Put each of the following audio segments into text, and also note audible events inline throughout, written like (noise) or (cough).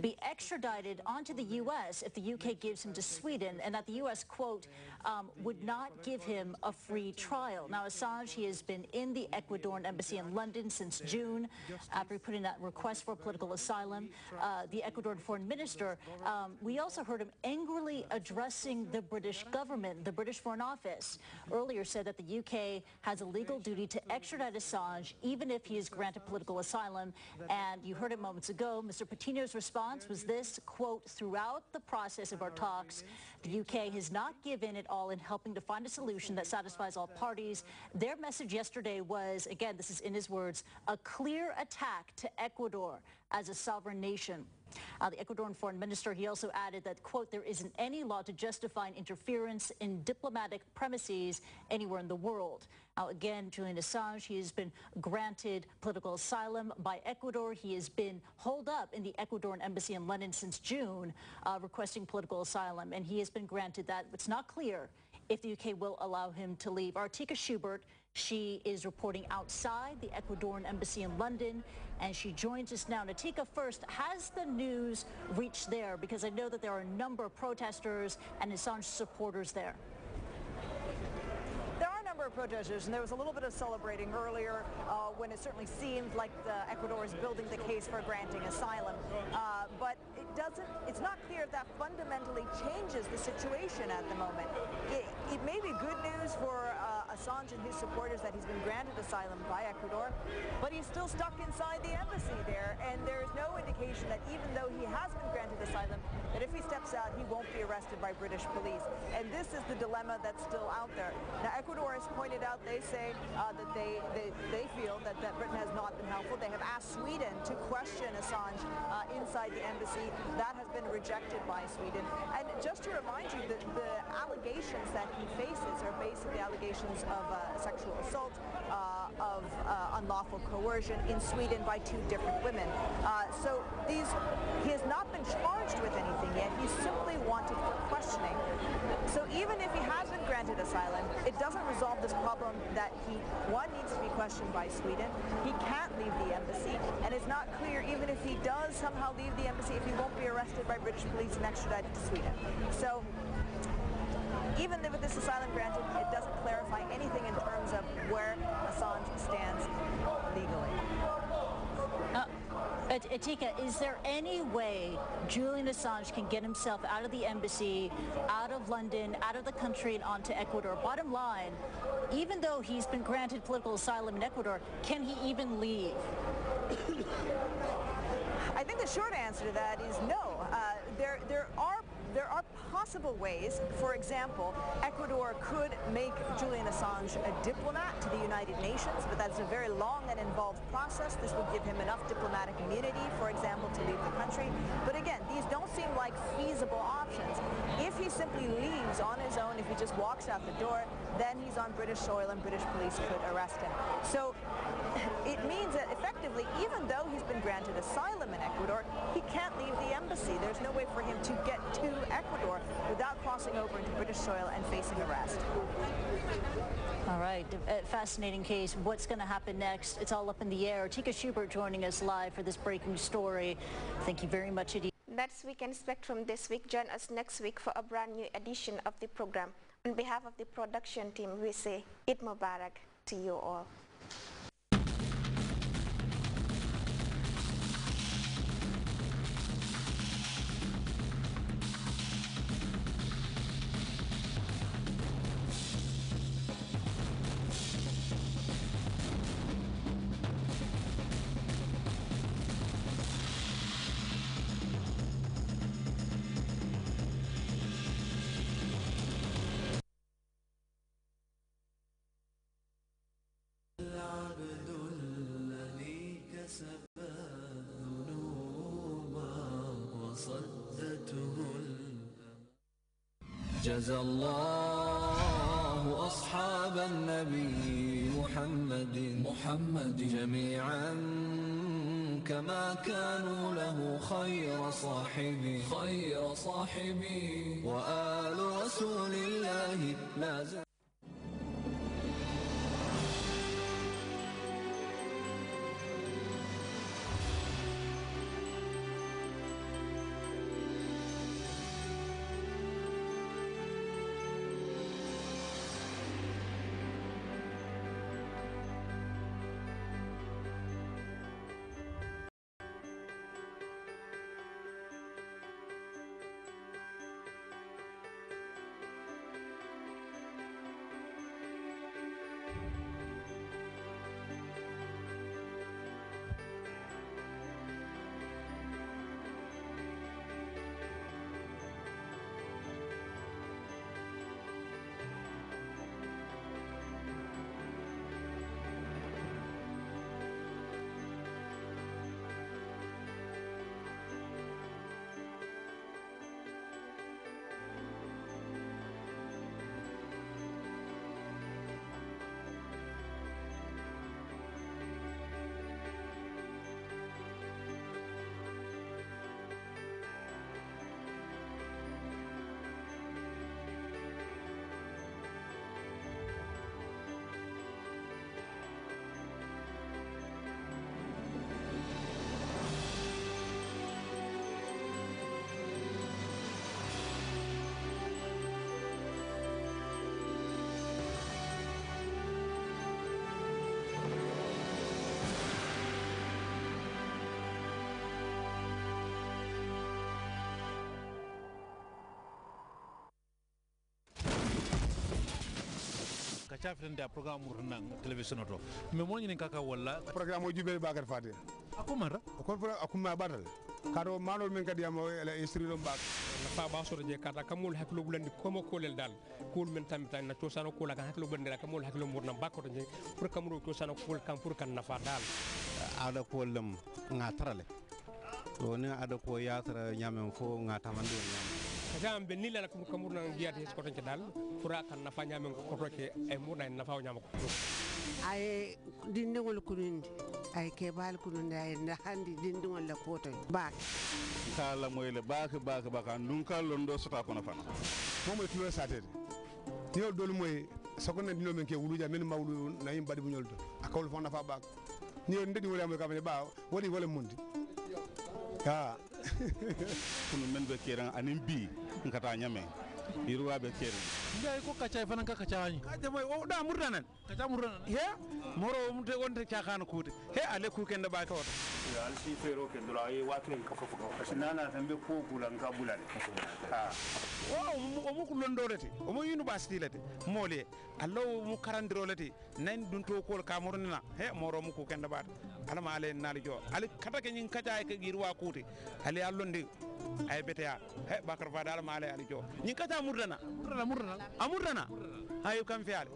to be extradited onto the U.S. if the U.K. gives him to Sweden and that the U.S., quote, um, would not give him a free trial. Now, Assange, he has been in the Ecuadorian embassy in London since June after he put in that request for political asylum. Uh, the Ecuadorian foreign minister, um, we also heard him angrily addressing the British government. The British Foreign Office earlier said that the U.K. has a legal duty to extradite Assange even if he is granted political asylum. And you heard it moments ago, Mr. Patino's response response was this, quote, throughout the process of our talks, the UK has not given at all in helping to find a solution that satisfies all parties. Their message yesterday was, again, this is in his words, a clear attack to Ecuador as a sovereign nation. Uh, the Ecuadorian foreign minister, he also added that, quote, there isn't any law to justify an interference in diplomatic premises anywhere in the world. Now, again, Julian Assange, he has been granted political asylum by Ecuador. He has been holed up in the Ecuadorian embassy in London since June, uh, requesting political asylum, and he has been granted that. It's not clear if the UK will allow him to leave. Artika Schubert she is reporting outside the Ecuadorian embassy in London, and she joins us now. Natika, first, has the news reached there? Because I know that there are a number of protesters and Assange supporters there of protesters, and there was a little bit of celebrating earlier uh, when it certainly seemed like Ecuador is building the case for granting asylum. Uh, but it doesn't. It's not clear if that fundamentally changes the situation at the moment. It, it may be good news for. Uh, Assange and his supporters that he's been granted asylum by Ecuador, but he's still stuck inside the embassy there, and there is no indication that even though he has been granted asylum, that if he steps out, he won't be arrested by British police. And this is the dilemma that's still out there. Now, Ecuador has pointed out, they say uh, that they, they, they, feel that, that Britain has not been helpful. They have asked Sweden to question Assange uh, inside the embassy. That has been rejected by Sweden. And just to remind you, the, the allegations that he faces are basically allegations of uh, sexual assault, uh, of uh, unlawful coercion in Sweden by two different women. Uh, so these, he has not been charged with anything yet. He's simply wanted for questioning. So even if he has been granted asylum, it doesn't resolve this problem that he, one, needs to be questioned by Sweden. He can't leave the embassy, and it's not clear even if he does somehow leave the embassy, if he won't be arrested by British police and extradited to Sweden. So even with this asylum granted, it doesn't clarify anything in terms of where Assange stands legally. Uh, Atika, is there any way Julian Assange can get himself out of the embassy, out of London, out of the country, and onto Ecuador? Bottom line, even though he's been granted political asylum in Ecuador, can he even leave? (coughs) I think the short answer to that is no. Uh, there, there are there are possible ways, for example, Ecuador could make Julian Assange a diplomat to the United Nations, but that's a very long and involved process. This would give him enough diplomatic immunity, for example, to leave the country. But again, these don't seem like feasible options. If he simply leaves on his own, if he just walks out the door, then he's on British soil and British police could arrest him. So it means that effectively, even though he's been granted asylum in Ecuador, he can't leave the embassy. There's no way for him to get to Ecuador without crossing over into British soil and facing arrest. All right, fascinating case. What's going to happen next? It's all up in the air. Tika Schubert joining us live for this breaking story. Thank you very much, Adi. That's Weekend Spectrum this week. Join us next week for a brand new edition of the program. On behalf of the production team, we say Eid Mubarak to you all. صدته جزى الله أصحاب النبي محمد محمد جميعا كما كانوا له خير صاحبي خير صاحبي وآل رسول الله لا chafirin da programme murnan télévision to mais mo nyinin kaka walla programme o jubel bakar fatia akumara a akumma batal kado manol min kadi yamo e sirilo bak nafa basoro je kata kamul haklo bulandi komo kolel dal kul men tammi tan na tosano kula kan haklo bulandi kamul haklo murna bakoto je pour kamro tosano kol kan pour kan nafa dal ada kolam um, ngatrale to ne ada ko yatra nyamen fo ngatamandu nyamen jam be nila ko na murna ngiyati ko tonce dal fura kan nafa nyame ko toke e eh, murna en nafa nyama ko ay dindengol kunundi ay kebal kunundi ay na handi dindengol la koto ba kala moyle baaka baaka baaka dun kala ndo sota kono fana momo tuwe satete tiyo dol moy sakonna dino men ke wuluja men mawlu na yim badi bunyol do akol fon nafa baak ni ndedi wala mo kamane ba wodi wala mundi ha kunu men be keren anin bi nkata nyame irwa be keren ngai ko kacha fana ka kacha ni kacha mai o oh, da murdanan kacha murdanan he moro mute te kya kana kute he ale ku kende ba ka wata alisi feero kɛ dɔrɔn a ye waa kelen kafo nana tan n bɛ ko n ka b'u la o mu kulon dɔ le te o mu ye alla o mu karandiro le te nayin dunto he mooro mu ku kende baata alla ma alla naali joo ali kata ke kaca ye ke yiriwaa kuuti ali ye londi a he bakar faada alla ma alla joo ñiŋ kaca murdana a murdana a kam fiyaale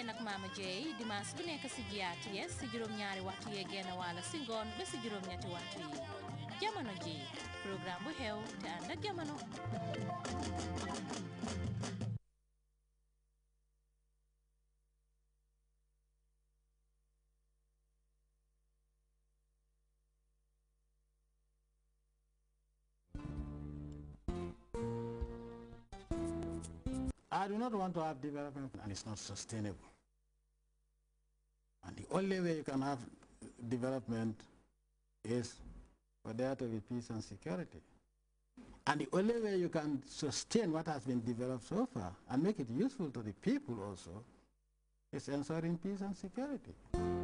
tey nag Mama Dieye dimanche bu nekk si yes si juróom-ñaari waxtu yee genn wàll si ngoon waktu. si juróom-ñetti waxtu yi jamono ji programme bu xew te ànd ak jamono. I do not want to have development and it's not sustainable. only way you can have development is for there to be peace and security. And the only way you can sustain what has been developed so far and make it useful to the people also is ensuring peace and security.